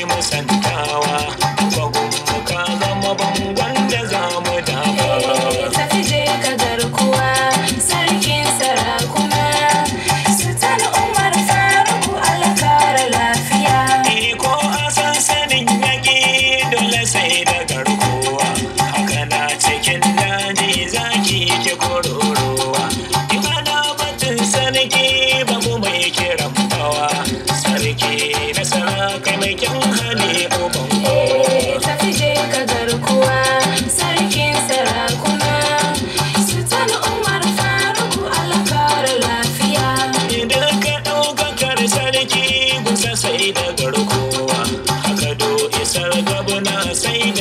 mai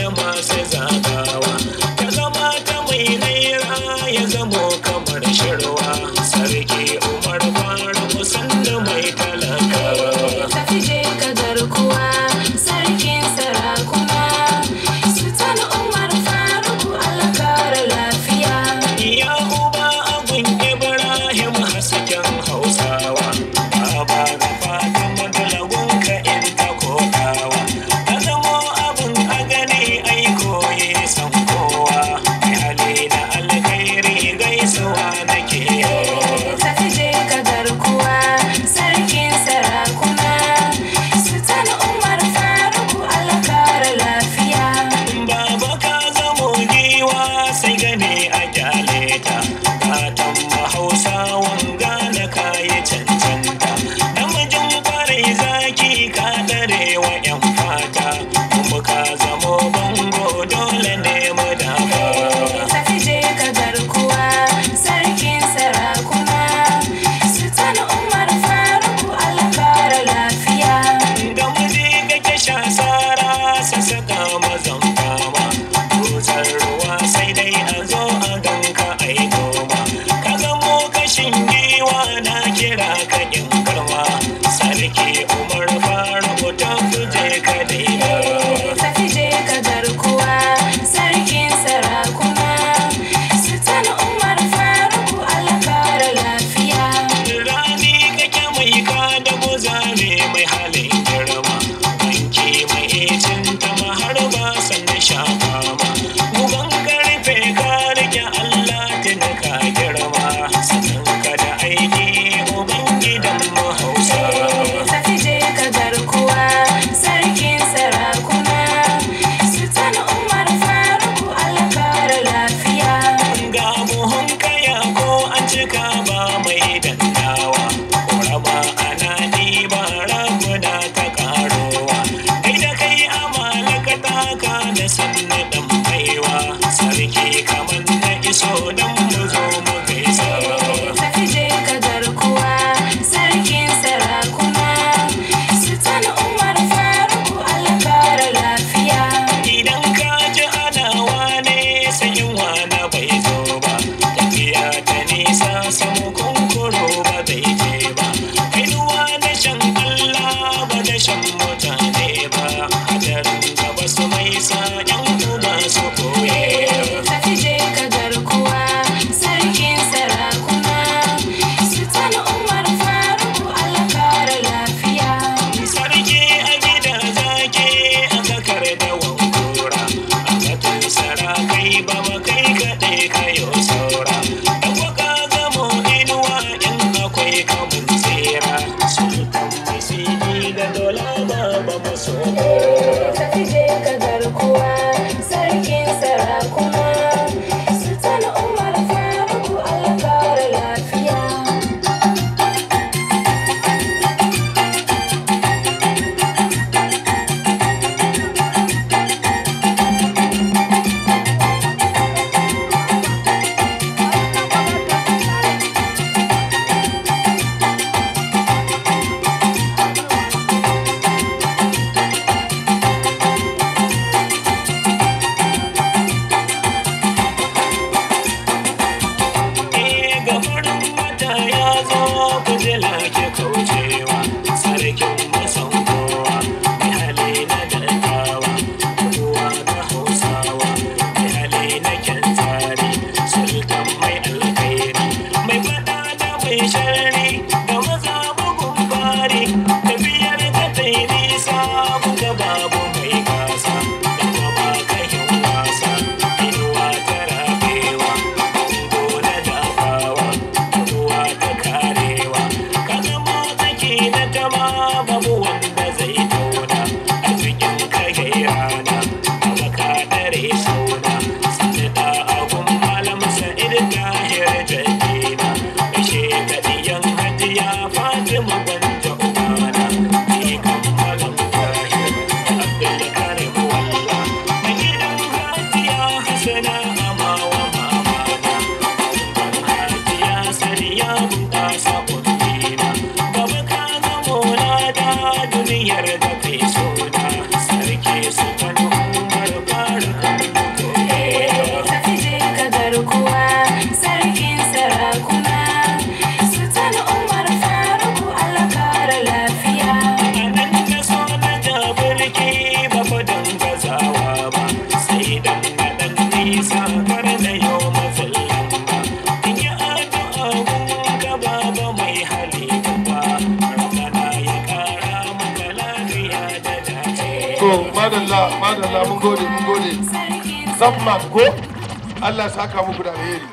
da masu zagawa ka zama ta mai naira ya zamo kamar shirwa sarki umar fara musan da mai talakawa tafi je ka garkuwa sarkin sarakuna sultan umar faruk alakar lafiya ya uba abun ibrahim hasken hausawa a baba ne a kyale blessing in it. soul. myself. madalla madalla mun gode mun gode zamma ko Allah saka muku da alheri